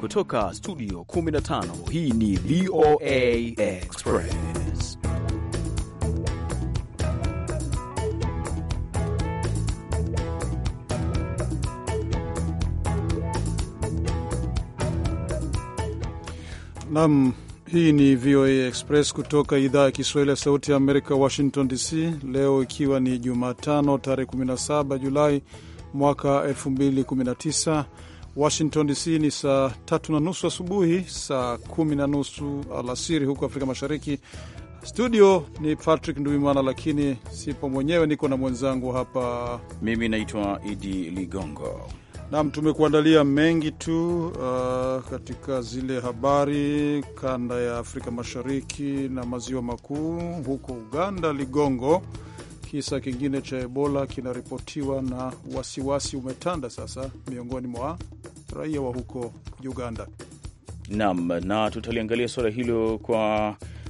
Kutoka studio 15 hii ni VOA Express. Nam, hii ni VOA Express kutoka idhaa ya Kiswahili ya Sauti ya Amerika, Washington DC. Leo ikiwa ni Jumatano tarehe 17 Julai mwaka 2019 Washington DC ni saa tatu na nusu asubuhi, saa kumi na nusu alasiri huko Afrika Mashariki. Studio ni Patrick Nduimana, lakini sipo mwenyewe, niko na mwenzangu hapa. Mimi naitwa Idi Ligongo. Nam, tumekuandalia mengi tu uh, katika zile habari kanda ya Afrika Mashariki na maziwa makuu. Huko Uganda, Ligongo, kisa kingine cha Ebola kinaripotiwa na wasiwasi umetanda sasa miongoni mwa raia wa huko Uganda. Naam, na tutaliangalia suala hilo kwa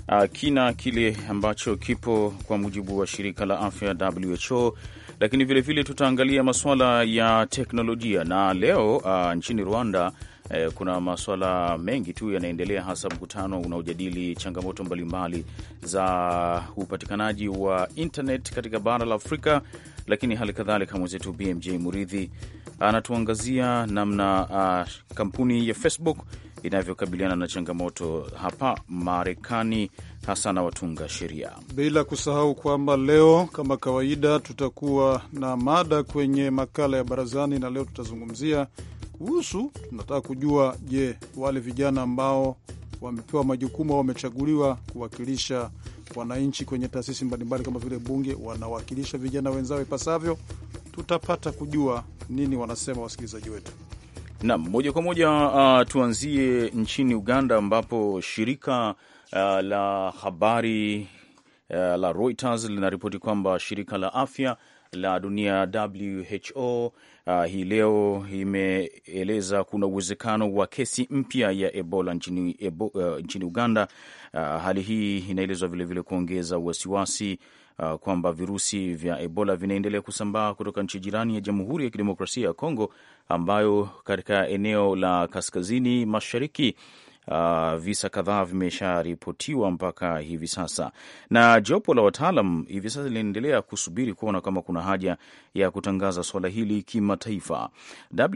uh, kina kile ambacho kipo kwa mujibu wa shirika la afya WHO, lakini vilevile tutaangalia masuala ya teknolojia na leo uh, nchini Rwanda eh, kuna masuala mengi tu yanaendelea, hasa mkutano unaojadili changamoto mbalimbali za upatikanaji wa internet katika bara la Afrika lakini hali kadhalika mwenzetu BMJ Muridhi anatuangazia namna uh, kampuni ya Facebook inavyokabiliana na changamoto hapa Marekani, hasa na watunga sheria, bila kusahau kwamba leo kama kawaida tutakuwa na mada kwenye makala ya barazani, na leo tutazungumzia kuhusu, tunataka kujua, je, wale vijana ambao wamepewa majukumu au wamechaguliwa kuwakilisha wananchi kwenye taasisi mbalimbali kama vile bunge wanawakilisha vijana wenzao ipasavyo, tutapata kujua nini wanasema wasikilizaji wetu. Naam, moja kwa moja uh, tuanzie nchini Uganda ambapo shirika uh, la habari uh, la Reuters linaripoti kwamba shirika la afya la Dunia WHO uh, hii leo imeeleza kuna uwezekano wa kesi mpya ya Ebola nchini, ebo, uh, nchini Uganda. Uh, hali hii inaelezwa vilevile kuongeza wasiwasi uh, kwamba virusi vya Ebola vinaendelea kusambaa kutoka nchi jirani ya Jamhuri ya Kidemokrasia ya Kongo ambayo katika eneo la kaskazini mashariki Uh, visa kadhaa vimesharipotiwa mpaka hivi sasa, na jopo la wataalam hivi sasa linaendelea kusubiri kuona kama kuna haja ya kutangaza suala hili kimataifa.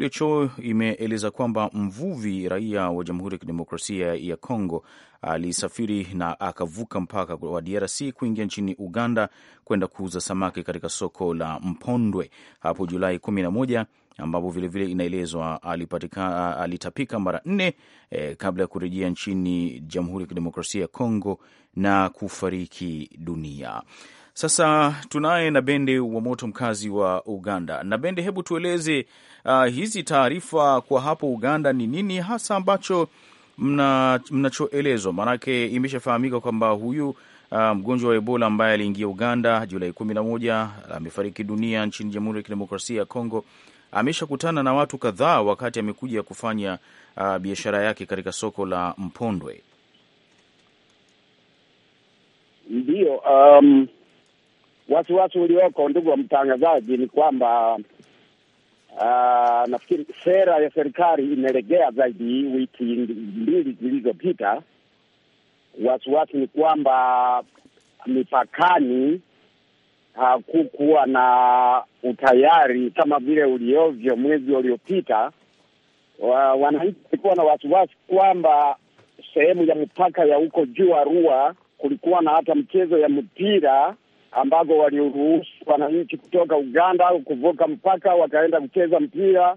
WHO imeeleza kwamba mvuvi raia wa Jamhuri ya Kidemokrasia ya congo alisafiri na akavuka mpaka wa DRC kuingia nchini Uganda kwenda kuuza samaki katika soko la Mpondwe hapo Julai 11 ambapo vilevile inaelezwa alitapika mara nne eh, kabla ya kurejea nchini Jamhuri ya Kidemokrasia ya Kongo na kufariki dunia. Sasa tunaye nabende wa Moto, mkazi wa Uganda. Nabende, hebu tueleze uh, hizi taarifa kwa hapo Uganda ni nini hasa ambacho mnachoelezwa? Mna maanake imeshafahamika kwamba huyu Uh, mgonjwa wa Ebola ambaye aliingia Uganda Julai kumi na moja amefariki dunia nchini Jamhuri ya Kidemokrasia ya Kongo, ameshakutana na watu kadhaa wakati amekuja kufanya uh, biashara yake katika soko la Mpondwe. Ndiyo, um, wasiwasi ulioko, ndugu wa mtangazaji, ni kwamba uh, nafikiri sera ya serikali imelegea zaidi wiki mbili zilizopita. Wasiwasi ni kwamba mipakani hakukuwa na utayari kama vile uliovyo mwezi uliopita. Wa, wananchi walikuwa na wasiwasi kwamba sehemu ya mpaka ya huko juu Arua kulikuwa na hata mchezo ya mpira ambapo waliruhusu wananchi kutoka Uganda au kuvuka mpaka wakaenda kucheza mpira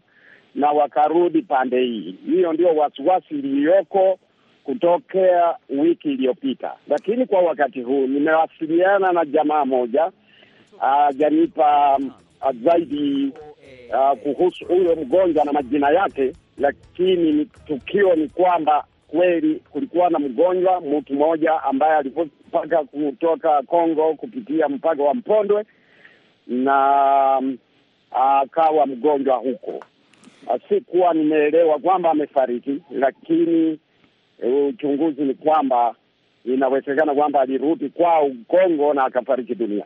na wakarudi pande hii. Hiyo ndio wasiwasi iliyoko kutokea wiki iliyopita, lakini kwa wakati huu nimewasiliana na jamaa moja hajanipa um, zaidi uh, kuhusu huyo mgonjwa na majina yake, lakini tukio ni kwamba kweli kulikuwa na mgonjwa mtu mmoja ambaye alipaka kutoka Kongo kupitia mpaka wa Mpondwe na um, akawa mgonjwa huko. Sikuwa nimeelewa kwamba amefariki, lakini uh, uchunguzi ni kwamba inawezekana kwamba alirudi kwao Kongo na akafariki dunia.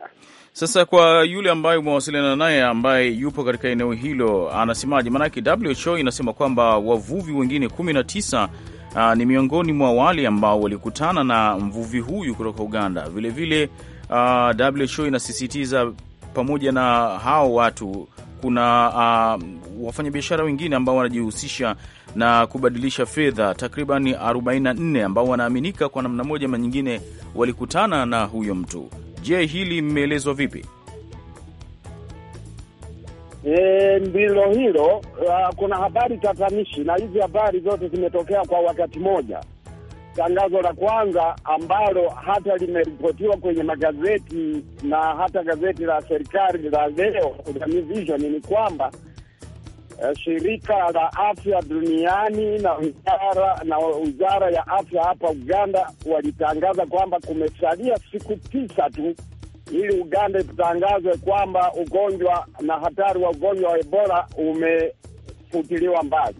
Sasa kwa yule ambaye umewasiliana naye ambaye yupo katika eneo hilo anasemaje? Maanake WHO inasema kwamba wavuvi wengine kumi na tisa uh, ni miongoni mwa wale ambao walikutana na mvuvi huyu kutoka Uganda. Vilevile vile, uh, ah, WHO inasisitiza pamoja na hao watu kuna uh, wafanyabiashara wengine ambao wanajihusisha na kubadilisha fedha takriban 44 ambao wanaaminika kwa namna moja ama nyingine walikutana na huyo mtu. Je, hili mmeelezwa vipi? E, ndilo hilo. Uh, kuna habari tatanishi na hizi habari zote zimetokea kwa wakati moja. Tangazo la kwanza ambalo hata limeripotiwa kwenye magazeti na hata gazeti la serikali la leo Vision ni kwamba Eh, shirika la afya duniani na wizara na wizara ya afya hapa Uganda walitangaza kwamba kumesalia siku tisa tu ili Uganda itangazwe kwamba ugonjwa na hatari wa ugonjwa wa Ebola umefutiliwa mbali.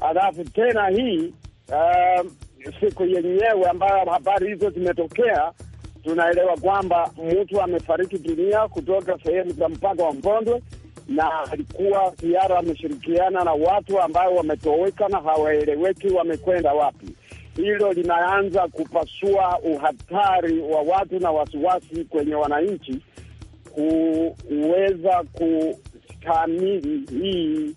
Alafu tena hii uh, siku yenyewe ambayo habari hizo zimetokea, tunaelewa kwamba mtu amefariki dunia kutoka sehemu za mpaka wa Mbondwe na alikuwa ziara ameshirikiana na watu ambao wametoweka na hawaeleweki wamekwenda wapi. Hilo linaanza kupasua uhatari wa watu na wasiwasi kwenye wananchi kuweza kustamili hii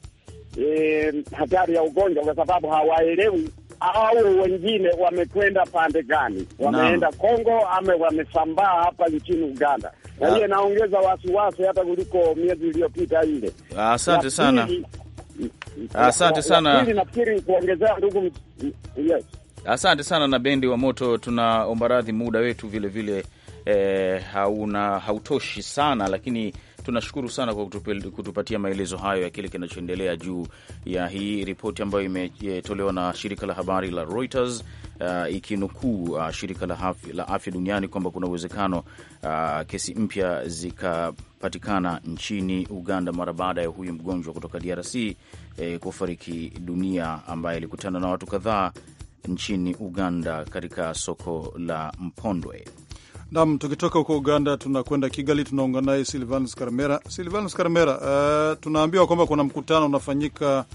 e, hatari ya ugonjwa, kwa sababu hawaelewi au wengine wamekwenda pande gani? Wameenda Kongo ama wamesambaa hapa nchini Uganda? Na hiyo ah. inaongeza wasiwasi hata kuliko miezi iliyopita ile. Asante sana, asante sana. Nafikiri kuongezea ndugu, yes. Asante sana na bendi wa moto, tunaomba radhi, muda wetu vilevile vile, eh, hauna hautoshi sana lakini tunashukuru sana kwa kutupatia maelezo hayo ya kile kinachoendelea juu ya hii ripoti ambayo imetolewa na shirika la habari la Reuters uh, ikinukuu uh, shirika la, haf, la afya duniani kwamba kuna uwezekano uh, kesi mpya zikapatikana nchini Uganda mara baada ya huyu mgonjwa kutoka DRC eh, kufariki dunia ambaye alikutana na watu kadhaa nchini Uganda katika soko la Mpondwe. Nam, tukitoka huko Uganda tunakwenda Kigali, tunaungana naye Silvanus Karmera. Silvanus Karmera, uh, eh, tunaambiwa kwamba kuna mkutano unafanyika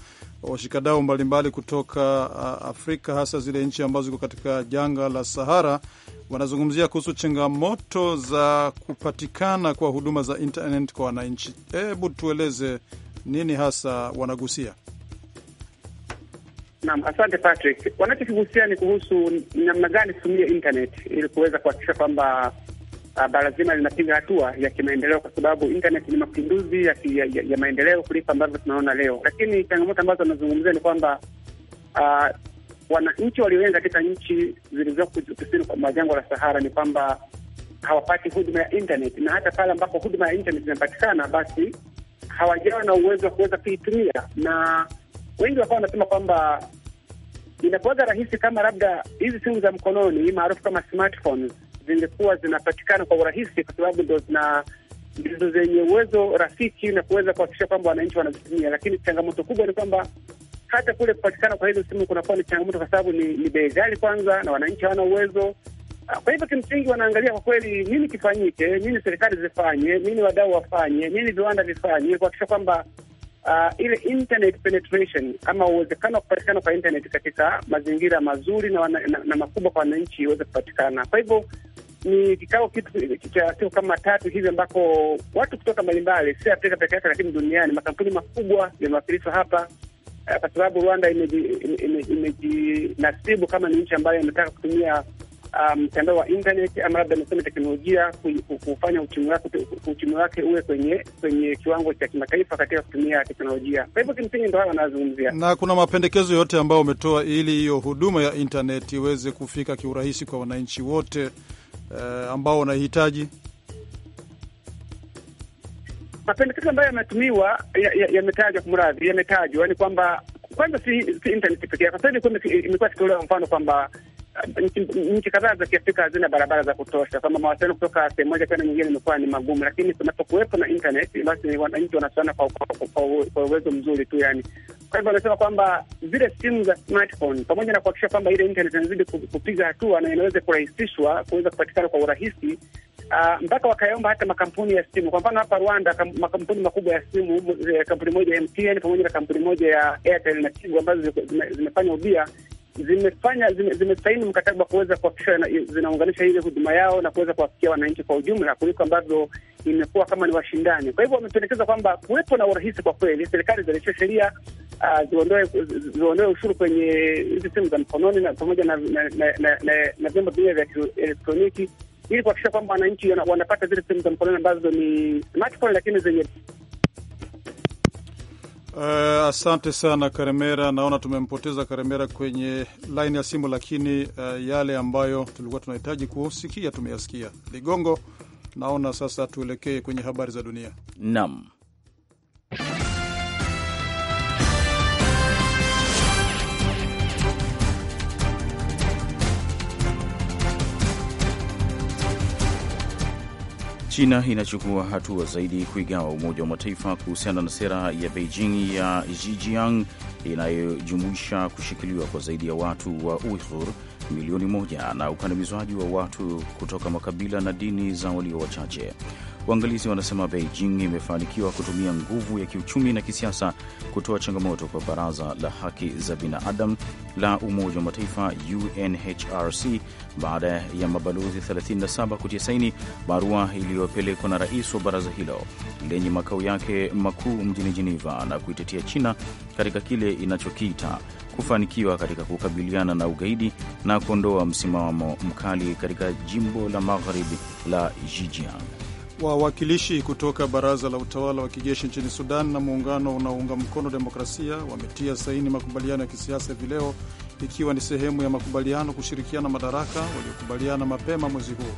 washikadau mbalimbali kutoka uh, Afrika, hasa zile nchi ambazo ziko katika janga la Sahara. Wanazungumzia kuhusu changamoto za kupatikana kwa huduma za internet kwa wananchi. Hebu tueleze nini hasa wanagusia? Naam, asante Patrick. Wanachokigusia ni kuhusu namna gani tutumie internet ili kuweza kuhakikisha kwamba uh, bara zima linapiga hatua ya kimaendeleo, kwa sababu internet ni mapinduzi ya, ya, ya, ya maendeleo kuliko ambavyo tunaona leo. Lakini changamoto ambazo wanazungumzia ni kwamba uh, wananchi walio wengi katika nchi zilizoko kusini mwa jangwa la Sahara ni kwamba hawapati huduma ya internet, na hata pale ambapo huduma ya internet inapatikana basi hawajawa na uwezo wa kuweza kuitumia na wengi wakawa wanasema kwamba inakuwaga rahisi kama labda hizi simu za mkononi maarufu kama smartphones zingekuwa zinapatikana kwa urahisi, kwa sababu ndo zina ndizo zenye uwezo rafiki na kuweza kuhakikisha kwamba wananchi wanazitumia. Lakini changamoto kubwa ni kwamba hata kule kupatikana kwa hizo simu kunakuwa ni changamoto, kwa sababu ni, ni bei ghali kwanza, na wananchi hawana uwezo. Ah, kwa hivyo kimsingi, wanaangalia kwa kweli nini kifanyike, nini serikali zifanye, nini wadau wafanye, nini viwanda vifanye kuhakikisha kwamba uh, ile internet penetration ama uwezekano wa kupatikana kwa internet katika mazingira mazuri na, na, na, na makubwa kwa wananchi iweze kupatikana. Kwa hivyo ni kikao kitu cha siku kama tatu hivi ambako watu kutoka mbalimbali, si Afrika peke yake, lakini duniani makampuni makubwa yamewakilishwa hapa kwa sababu Rwanda imejinasibu ime, ime, ime, ime, kama ni nchi ambayo imetaka kutumia mtandao um, wa internet ama labda niseme teknolojia kufanya uchumi wake uchumi wake uwe kwenye kwenye kiwango cha kimataifa katika kutumia teknolojia. Kwa hivyo kimsingi ndo hayo anazungumzia. Na kuna mapendekezo yote ambayo umetoa ili hiyo huduma ya internet iweze kufika kiurahisi kwa wananchi wote eh, ambao wanahitaji mapendekezo ambayo yametumiwa yametajwa, ya, ya kumradhi, yametajwa ni yaani kwamba kwanza si, si internet pekee. Sasa imekuwa ikitolewa mfano kwamba nchi kadhaa za Kiafrika hazina barabara za kutosha, kwamba mawasiliano kutoka sehemu moja kwenda nyingine imekuwa ni magumu, lakini kunapokuwepo na internet, basi wananchi wanasana kwa uwezo mzuri tu yani. Kwa hivyo anasema kwamba zile simu za smartphone, pamoja na kuhakikisha kwamba ile internet inazidi kupiga hatua na inaweza kurahisishwa kuweza kupatikana kwa urahisi Uh, mpaka wakayomba hata makampuni ya simu. Kwa mfano hapa Rwanda kam, makampuni makubwa ya simu, eh, kampuni moja ya MTN pamoja na kampuni moja ya Airtel na Tigo ambazo zimefanya ubia zimefanya zime, zimesaini mkataba wa kuweza kuhakikisha zinaunganisha ile huduma yao na kuweza kuwafikia wananchi kwa ujumla, kuliko ambavyo imekuwa kama ni washindani. Kwa hivyo wamependekeza kwamba kuwepo na urahisi kwa kweli, serikali zalishe sheria uh, ziondoe ziondoe ushuru kwenye hizi simu za mkononi na pamoja na na vyombo vingine vya elektroniki, ili kuhakikisha kwamba wananchi wanapata zile simu za mkononi ambazo ni smartphone lakini zenye Uh, asante sana Karemera. Naona tumempoteza Karemera kwenye laini ya simu, lakini uh, yale ambayo tulikuwa tunahitaji kusikia tumeyasikia. Ligongo, naona sasa tuelekee kwenye habari za dunia. Naam. China inachukua hatua zaidi kuigawa Umoja wa Mataifa kuhusiana na sera ya Beijing ya Xinjiang inayojumuisha kushikiliwa kwa zaidi ya watu wa Uighur milioni moja na ukandamizwaji wa watu kutoka makabila na dini za walio wachache. Waangalizi wanasema Beijing imefanikiwa kutumia nguvu ya kiuchumi na kisiasa kutoa changamoto kwa Baraza la Haki za Binadamu la Umoja wa Mataifa, UNHRC, baada ya mabalozi 37 kutia saini barua iliyopelekwa na rais wa baraza hilo lenye makao yake makuu mjini Jeneva na kuitetea China katika kile inachokiita kufanikiwa katika kukabiliana na ugaidi na kuondoa msimamo mkali katika jimbo la magharibi la Xinjiang. Wawakilishi kutoka baraza la utawala wa kijeshi nchini Sudan na muungano unaounga mkono demokrasia wametia saini makubaliano ya kisiasa hivi leo, ikiwa ni sehemu ya makubaliano kushirikiana madaraka waliokubaliana mapema mwezi huu.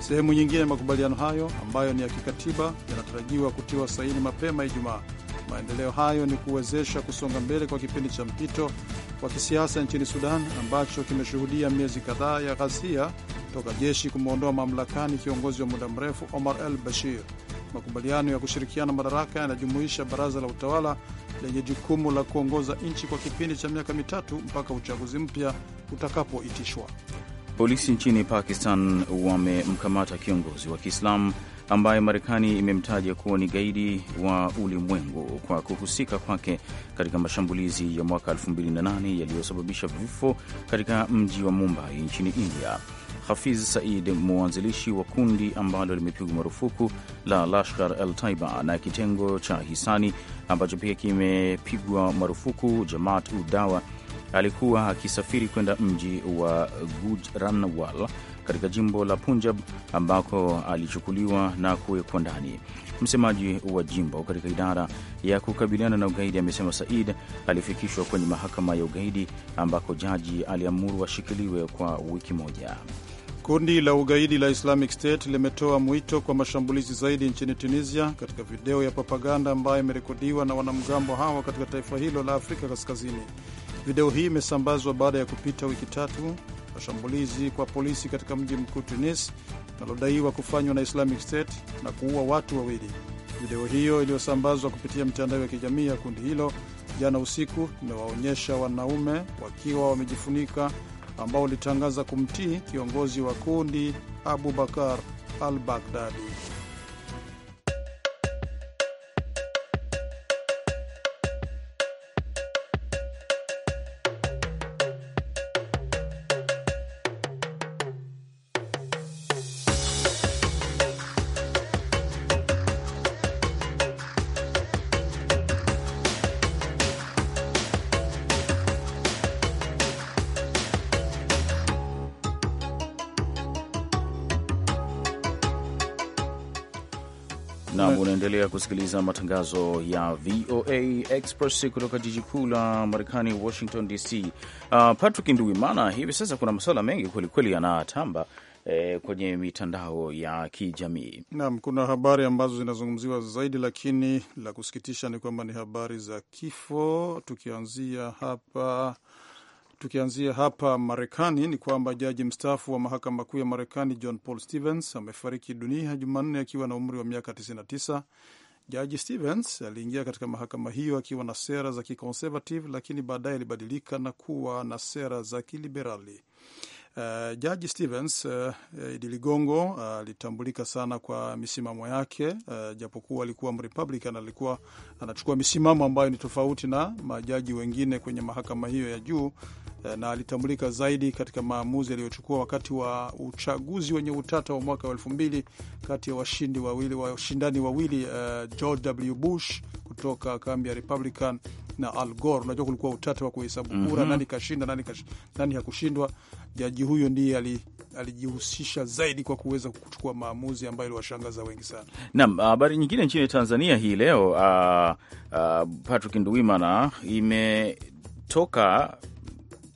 Sehemu nyingine ya makubaliano hayo ambayo ni ya kikatiba yanatarajiwa kutiwa saini mapema Ijumaa. Maendeleo hayo ni kuwezesha kusonga mbele kwa kipindi cha mpito wa kisiasa nchini Sudan ambacho kimeshuhudia miezi kadhaa ya ghasia toka jeshi kumwondoa mamlakani kiongozi wa muda mrefu Omar al Bashir. Makubaliano ya kushirikiana madaraka yanajumuisha baraza la utawala lenye jukumu la kuongoza nchi kwa kipindi cha miaka mitatu mpaka uchaguzi mpya utakapoitishwa. Polisi nchini Pakistan wamemkamata kiongozi wa Kiislamu ambaye Marekani imemtaja kuwa ni gaidi wa ulimwengu kwa kuhusika kwake katika mashambulizi ya mwaka 2008 yaliyosababisha vifo katika mji wa Mumbai nchini India. Hafiz Said, mwanzilishi wa kundi ambalo limepigwa marufuku la Lashkar el Taiba na kitengo cha hisani ambacho pia kimepigwa marufuku Jamaat Udawa, alikuwa akisafiri kwenda mji wa Gujranwal katika jimbo la Punjab ambako alichukuliwa na kuwekwa ndani. Msemaji wa jimbo katika idara ya kukabiliana na ugaidi amesema Said alifikishwa kwenye mahakama ya ugaidi ambako jaji aliamuru ashikiliwe kwa wiki moja. Kundi la ugaidi la Islamic State limetoa mwito kwa mashambulizi zaidi nchini Tunisia katika video ya propaganda ambayo imerekodiwa na wanamgambo hawa katika taifa hilo la Afrika Kaskazini. Video hii imesambazwa baada ya kupita wiki tatu mashambulizi kwa polisi katika mji mkuu Tunis linalodaiwa kufanywa na Islamic State na kuua watu wawili. Video hiyo iliyosambazwa kupitia mitandao ya kijamii ya kundi hilo jana usiku imewaonyesha wanaume wakiwa wamejifunika ambao walitangaza kumtii kiongozi wa kundi Abu Bakar al-Baghdadi. Nam, unaendelea kusikiliza matangazo ya VOA Express kutoka jiji kuu la Marekani, Washington DC. Uh, ah, Patrick nduimana hivi sasa kuna masuala mengi kwelikweli yanatamba eh, kwenye mitandao ya kijamii nam kuna habari ambazo zinazungumziwa zaidi, lakini la kusikitisha ni kwamba ni habari za kifo. Tukianzia hapa Tukianzia hapa Marekani, ni kwamba jaji mstaafu wa mahakama kuu ya Marekani John Paul Stevens amefariki dunia Jumanne akiwa na umri wa miaka 99. Jaji Stevens aliingia katika mahakama hiyo akiwa na sera za kiconservative, lakini baadaye alibadilika na kuwa na sera za kiliberali. Uh, jaji Stevens uh, Idi Ligongo uh, alitambulika uh, sana kwa misimamo yake uh, japokuwa alikuwa mrepublican, alikuwa anachukua misimamo ambayo ni tofauti na majaji wengine kwenye mahakama hiyo ya juu, Eh, na alitambulika zaidi katika maamuzi aliyochukua wakati wa uchaguzi wenye utata wa mwaka wa elfu mbili kati ya washindi wawili washindani wawili uh, George W. Bush kutoka kambi ya Republican na Al Gore. Unajua kulikuwa utata wa kuhesabu kura, mm -hmm. nani kashinda, nani, kash, nani hakushindwa. Jaji huyo ndiye alijihusisha zaidi kwa kuweza kuchukua maamuzi ambayo iliwashangaza wengi sana. Naam, habari nyingine nchini Tanzania hii leo uh, uh, Patrick Nduwimana imetoka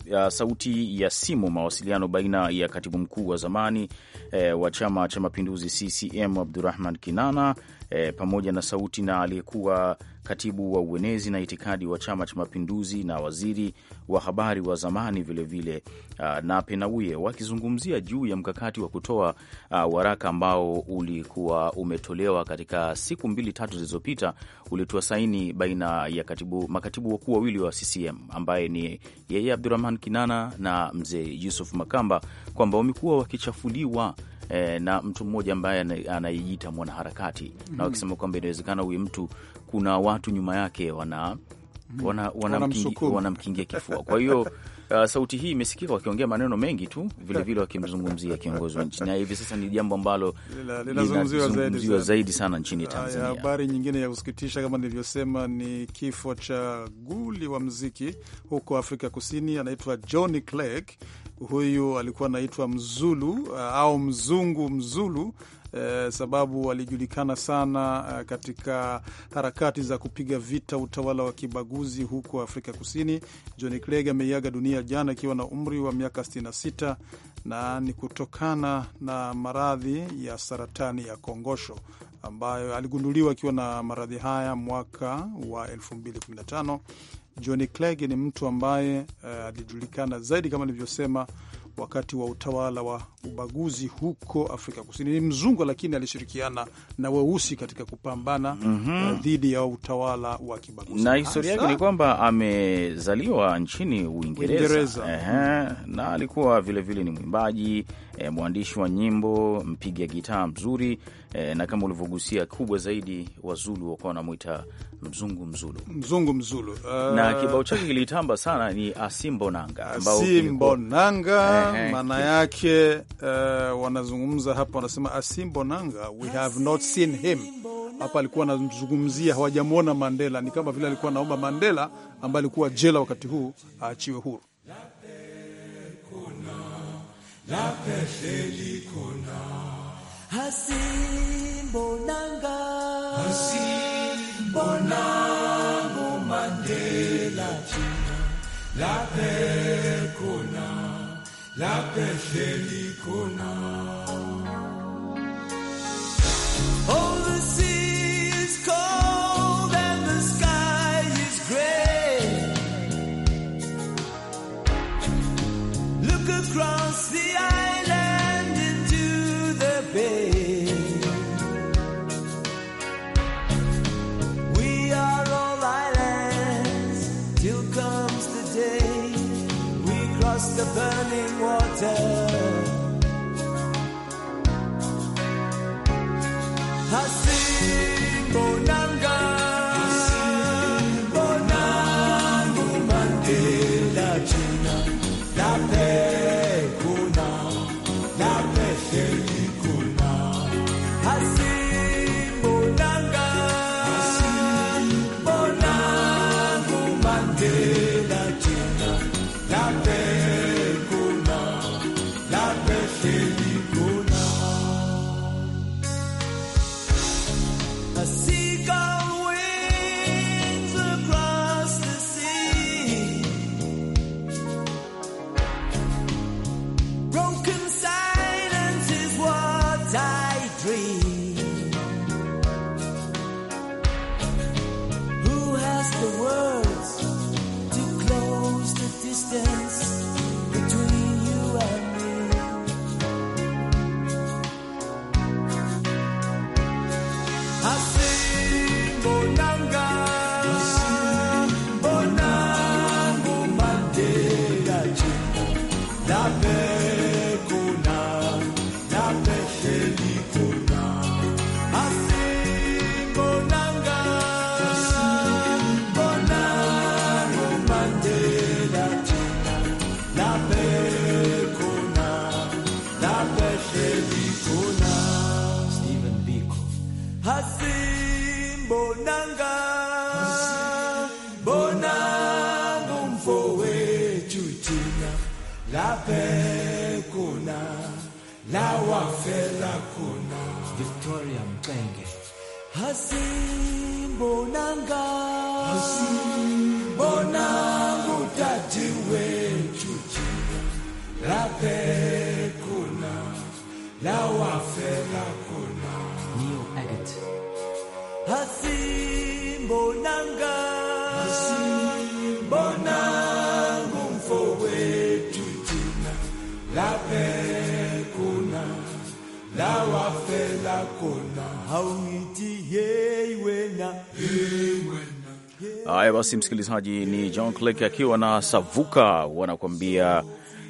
ya sauti ya simu mawasiliano baina ya katibu mkuu wa zamani e, wa Chama cha Mapinduzi CCM Abdurahman Kinana e, pamoja na sauti na aliyekuwa katibu wa uenezi na itikadi wa Chama cha Mapinduzi na waziri wa habari wa zamani vilevile vile, uh, Nape wakizungumzia juu ya mkakati wa kutoa uh, waraka ambao ulikuwa umetolewa katika siku mbili tatu zilizopita, ulitoa saini baina ya katibu, makatibu wakuu wawili wa CCM ambaye ni yeye Abdurahman Kinana na mzee Yusuf Makamba kwamba wamekuwa wakichafuliwa eh, na mtu mmoja ambaye anayejiita mwanaharakati mm -hmm. na mm-hmm. wakisema kwamba inawezekana huyu mtu kuna watu nyuma yake wana mm-hmm. wanamkingia wana wana kifua. Kwa hiyo uh, sauti hii imesikika wakiongea maneno mengi tu, vilevile wakimzungumzia kiongozi wa nchi, na hivi sasa ni jambo ambalo linazungumziwa zaidi, zaidi sana nchini Tanzania. Habari nyingine ya kusikitisha kama nilivyosema ni kifo cha guli wa mziki huko Afrika Kusini, anaitwa Johnny Clegg Huyu alikuwa anaitwa Mzulu uh, au mzungu Mzulu. uh, sababu alijulikana sana uh, katika harakati za kupiga vita utawala wa kibaguzi huko Afrika Kusini. John Clegg ameiaga dunia jana akiwa na umri wa miaka 66 na ni kutokana na maradhi ya saratani ya kongosho ambayo aligunduliwa akiwa na maradhi haya mwaka wa 2015 John Clegg ni mtu ambaye eh, alijulikana zaidi kama nilivyosema, wakati wa utawala wa ubaguzi huko Afrika Kusini. Ni mzungu lakini alishirikiana na weusi katika kupambana mm -hmm. dhidi ya utawala wa kibaguzi, na historia yake ni kwamba amezaliwa nchini Uingereza na alikuwa vilevile vile ni mwimbaji eh, mwandishi wa nyimbo, mpiga gitaa mzuri e, na kama ulivyogusia kubwa zaidi Wazulu wakuwa wanamwita mzungu mzulu, mzungu mzulu. Uh, na eh, kibao chake kilitamba sana ni Asimbonanga, Asimbonanga uh, eh, maana yake uh, wanazungumza hapa, wanasema Asimbonanga, we have not seen him hapa alikuwa anazungumzia hawajamwona Mandela. Ni kama vile alikuwa anaomba Mandela ambaye alikuwa jela wakati huu aachiwe huru. Hasim Bonanga. Hasim Bonango Mandela Tina. La paix qu'on a, la paix qu'on said haya basi, msikilizaji, ni John Clegg akiwa na Savuka wanakuambia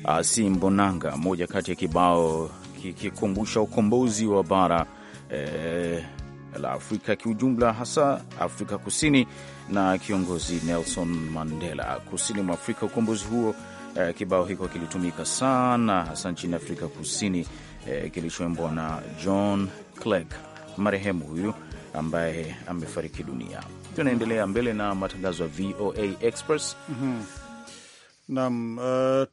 uh, mbonanga, moja kati ya kibao kikikumbusha ukombozi wa bara eh, la Afrika kiujumla, hasa Afrika Kusini na kiongozi Nelson Mandela kusini mwa Afrika. Ukombozi huo eh, kibao hiko kilitumika sana hasa nchini Afrika Kusini eh, kilichoimbwa na John Clegg marehemu huyu ambaye amefariki dunia. Tunaendelea mbele na matangazo ya VOA Express. mm -hmm. Naam, uh,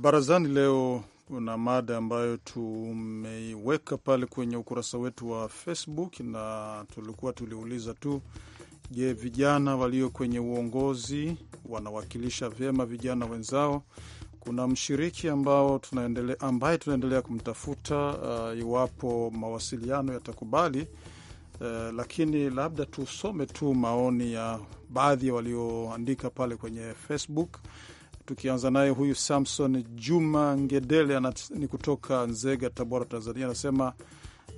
barazani leo kuna mada ambayo tumeiweka pale kwenye ukurasa wetu wa Facebook na tulikuwa tuliuliza tu, je, vijana walio kwenye uongozi wanawakilisha vyema vijana wenzao? Kuna mshiriki ambao tunaendelea, ambaye tunaendelea kumtafuta uh, iwapo mawasiliano yatakubali. Uh, lakini labda tusome tu maoni ya baadhi walioandika pale kwenye Facebook. Tukianza naye huyu Samson Juma Ngedele ni kutoka Nzega, Tabora, Tanzania, anasema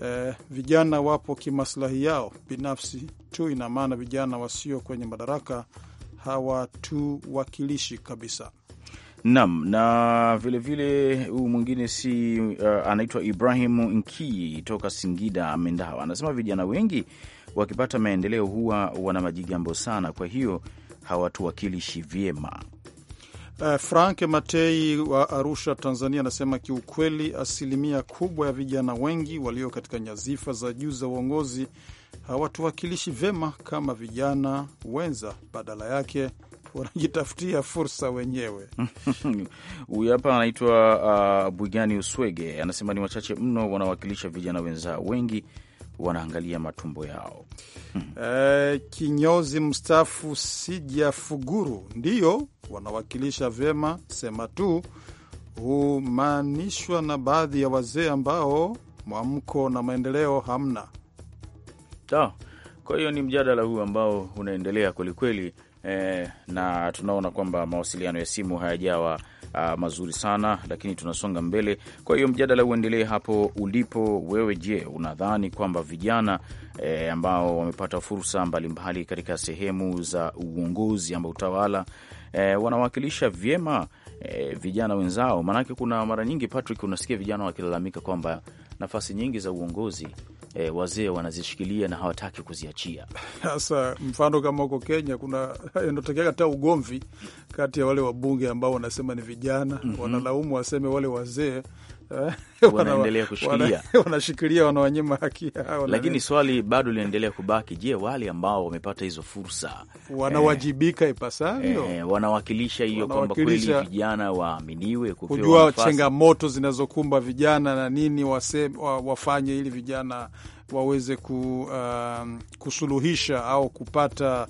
eh, vijana wapo kimaslahi yao binafsi tu. Ina maana vijana wasio kwenye madaraka hawatuwakilishi kabisa. Nam na vilevile huyu vile, mwingine si uh, anaitwa Ibrahimu Nkii toka Singida Mendawa, anasema vijana wengi wakipata maendeleo huwa wana majigambo sana, kwa hiyo hawatuwakilishi vyema. Uh, Frank Matei wa Arusha, Tanzania, anasema kiukweli, asilimia kubwa ya vijana wengi walio katika nyazifa za juu za uongozi hawatuwakilishi vyema kama vijana wenza, badala yake wanajitafutia fursa wenyewe. Huyu hapa anaitwa uh, Bwigani Uswege anasema ni wachache mno wanawakilisha vijana wenzao, wengi wanaangalia matumbo yao hmm. E, kinyozi mstaafu Sija Fuguru ndiyo wanawakilisha vyema sema tu humaanishwa na baadhi ya wazee ambao mwamko na maendeleo hamna. Ta, kwa hiyo ni mjadala huu ambao unaendelea kwelikweli eh, na tunaona kwamba mawasiliano ya simu hayajawa uh, mazuri sana, lakini tunasonga mbele. Kwa hiyo mjadala uendelee hapo ulipo wewe. Je, unadhani kwamba vijana e, ambao wamepata fursa mbalimbali katika sehemu za uongozi ama utawala e, wanawakilisha vyema e, vijana wenzao? Maanake kuna mara nyingi Patrick, unasikia vijana wakilalamika kwamba nafasi nyingi za uongozi e, wazee wanazishikilia na hawataki kuziachia. Sasa mfano kama huko Kenya kuna inatokea hata ugomvi kati ya wale wabunge ambao wanasema ni vijana mm -hmm. wanalaumu waseme wale wazee Eh, wanaendelea kushikilia wanashikilia wanawanyima haki yao, lakini swali bado linaendelea kubaki. Je, wale ambao wamepata hizo fursa wanawajibika eh, ipasavyo? Eh, wanawakilisha hiyo kwamba kweli vijana waaminiwe, kujua changamoto zinazokumba vijana na nini wase, wa, wafanye ili vijana waweze ku, uh, kusuluhisha au kupata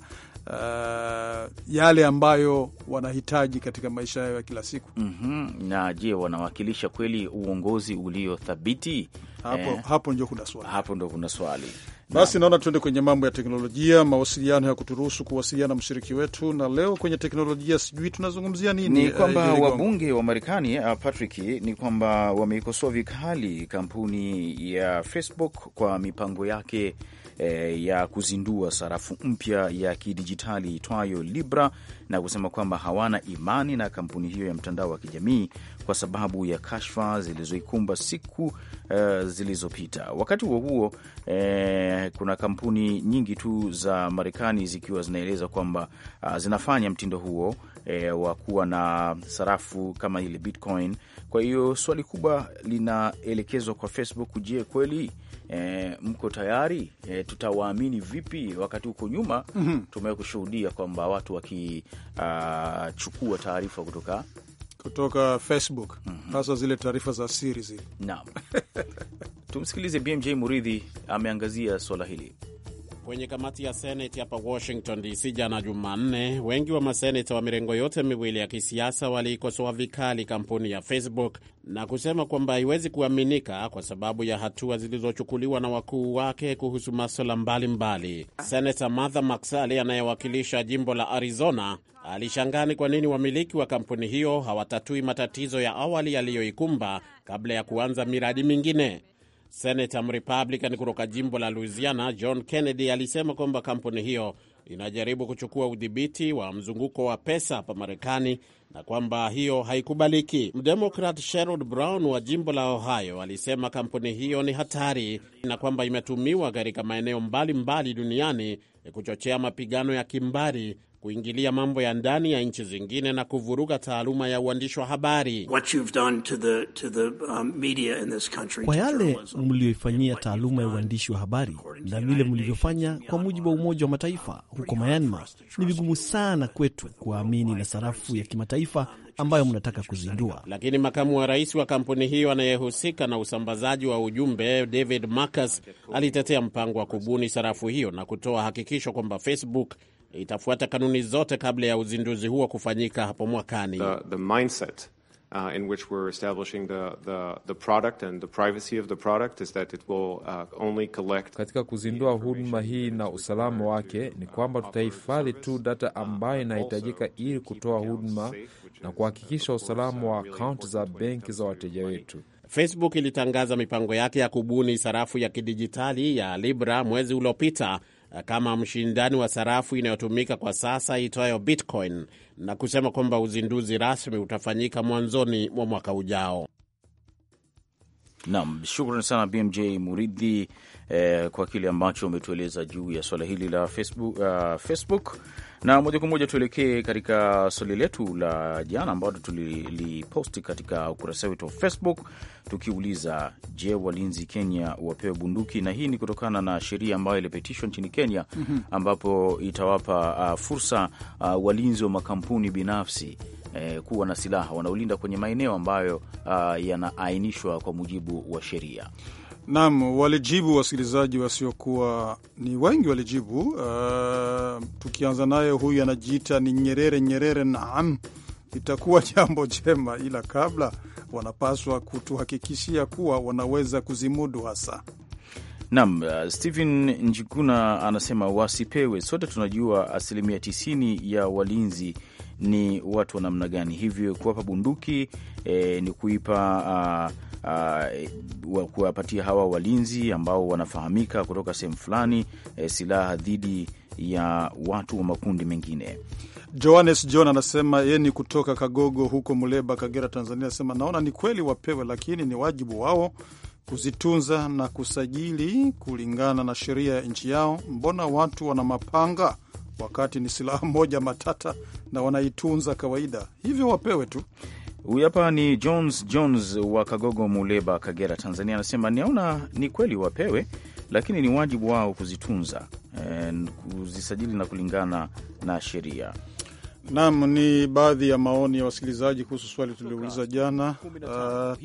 uh, yale ambayo wanahitaji katika maisha yao ya kila siku. mm -hmm. Na je, wanawakilisha kweli uongozi thabiti? Hapo, eh, hapo ndio kuna swali, hapo ndio kuna swali. Basi naona tuende kwenye mambo ya teknolojia, mawasiliano ya kuturuhusu kuwasiliana na mshiriki wetu. Na leo kwenye teknolojia, sijui tunazungumzia nini? Ni eh, kwamba uh, wabunge wa Marekani uh, Patrick, ni kwamba wameikosoa vikali kampuni ya Facebook kwa mipango yake e, ya kuzindua sarafu mpya ya kidijitali itwayo Libra na kusema kwamba hawana imani na kampuni hiyo ya mtandao wa kijamii kwa sababu ya kashfa zilizoikumba siku e, zilizopita. Wakati huo huo, e, kuna kampuni nyingi tu za Marekani zikiwa zinaeleza kwamba zinafanya mtindo huo e, wa kuwa na sarafu kama ile Bitcoin. Kwa hiyo swali kubwa linaelekezwa kwa Facebook, je, kweli e, mko tayari e, tutawaamini vipi? Wakati huko nyuma mm -hmm. tumewahi kushuhudia kwamba watu wakichukua ah, taarifa kutoka kutoka Facebook mhm. hasa mm -hmm. zile taarifa za siri zile. Naam. Tumsikilize BMJ Muridhi ameangazia swala hili. Kwenye kamati ya Seneti hapa Washington DC jana Jumanne, wengi wa maseneta wa mirengo yote miwili ya kisiasa waliikosoa vikali kampuni ya Facebook na kusema kwamba haiwezi kuaminika kwa sababu ya hatua zilizochukuliwa na wakuu wake kuhusu maswala mbalimbali. senata Martha Maksali anayewakilisha jimbo la Arizona alishangani kwa nini wamiliki wa kampuni hiyo hawatatui matatizo ya awali yaliyoikumba kabla ya kuanza miradi mingine. Senata Mrepublican kutoka jimbo la Louisiana John Kennedy alisema kwamba kampuni hiyo inajaribu kuchukua udhibiti wa mzunguko wa pesa hapa Marekani na kwamba hiyo haikubaliki. Mdemokrat Sherrod Brown wa jimbo la Ohio alisema kampuni hiyo ni hatari na kwamba imetumiwa katika maeneo mbalimbali duniani kuchochea mapigano ya kimbari kuingilia mambo ya ndani ya nchi zingine na kuvuruga taaluma ya uandishi wa habari. Um, kwa yale mlioifanyia taaluma ya uandishi wa habari na vile mlivyofanya kwa mujibu wa Umoja wa Mataifa um, huko Myanmar, ni vigumu sana kwetu kuamini na sarafu ya kimataifa um, ambayo mnataka kuzindua. Lakini makamu wa rais wa kampuni hiyo anayehusika na usambazaji wa ujumbe David Marcus alitetea mpango wa kubuni sarafu hiyo na kutoa hakikisho kwamba Facebook itafuata kanuni zote kabla ya uzinduzi huo kufanyika hapo mwakani. The, the mindset uh, in which we're establishing the, the, the product and the privacy of the product is that it will uh, only collect. Katika kuzindua huduma hii na usalama wake ni kwamba tutahifadhi tu data ambayo inahitajika ili kutoa huduma na kuhakikisha usalama wa akaunti za benki za wateja wetu. Facebook ilitangaza mipango yake ya kubuni sarafu ya kidijitali ya Libra mwezi uliopita kama mshindani wa sarafu inayotumika kwa sasa itwayo Bitcoin na kusema kwamba uzinduzi rasmi utafanyika mwanzoni mwa mwaka ujao. Naam, shukran sana BMJ Muridhi eh, kwa kile ambacho umetueleza juu ya swala hili la Facebook, uh, Facebook. Na moja kwa moja tuelekee katika swali letu la jana ambalo tuliliposti katika ukurasa wetu wa Facebook tukiuliza, je, walinzi Kenya wapewe bunduki? Na hii ni kutokana na sheria ambayo ilipitishwa nchini Kenya mhm. ambapo itawapa uh, fursa uh, walinzi wa makampuni binafsi eh, kuwa na silaha wanaolinda kwenye maeneo ambayo uh, yanaainishwa kwa mujibu wa sheria. Naam, walijibu wasikilizaji wasiokuwa ni wengi walijibu. Uh, tukianza naye huyu anajiita ni Nyerere Nyerere. Naam, itakuwa jambo jema, ila kabla wanapaswa kutuhakikishia kuwa wanaweza kuzimudu hasa uh, Stephen Njikuna anasema wasipewe. Sote tunajua asilimia tisini ya walinzi ni watu wa namna gani, hivyo kuwapa bunduki e, ni kuipa uh, uh, kuwapatia hawa walinzi ambao wanafahamika kutoka sehemu fulani eh, silaha dhidi ya watu wa makundi mengine. Johannes John anasema yeye ni kutoka Kagogo huko Muleba, Kagera, Tanzania. Anasema naona ni kweli wapewe, lakini ni wajibu wao kuzitunza na kusajili kulingana na sheria ya nchi yao. Mbona watu wana mapanga wakati ni silaha moja matata na wanaitunza kawaida? Hivyo wapewe tu. Huyu hapa ni Jones Jones wa Kagogo, Muleba, Kagera, Tanzania, anasema niona ni kweli wapewe, lakini ni wajibu wao kuzitunza, eh, kuzisajili na kulingana na sheria. Naam, ni baadhi ya maoni ya wasikilizaji kuhusu swali tuliouliza jana. Uh, ah,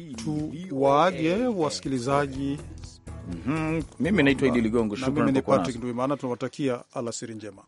tuwaage wasikilizaji. mm -hmm. Mimi naitwa Idi Ligongo, shukrani. Mimi ni Patrick Ndwimana, tunawatakia alasiri njema.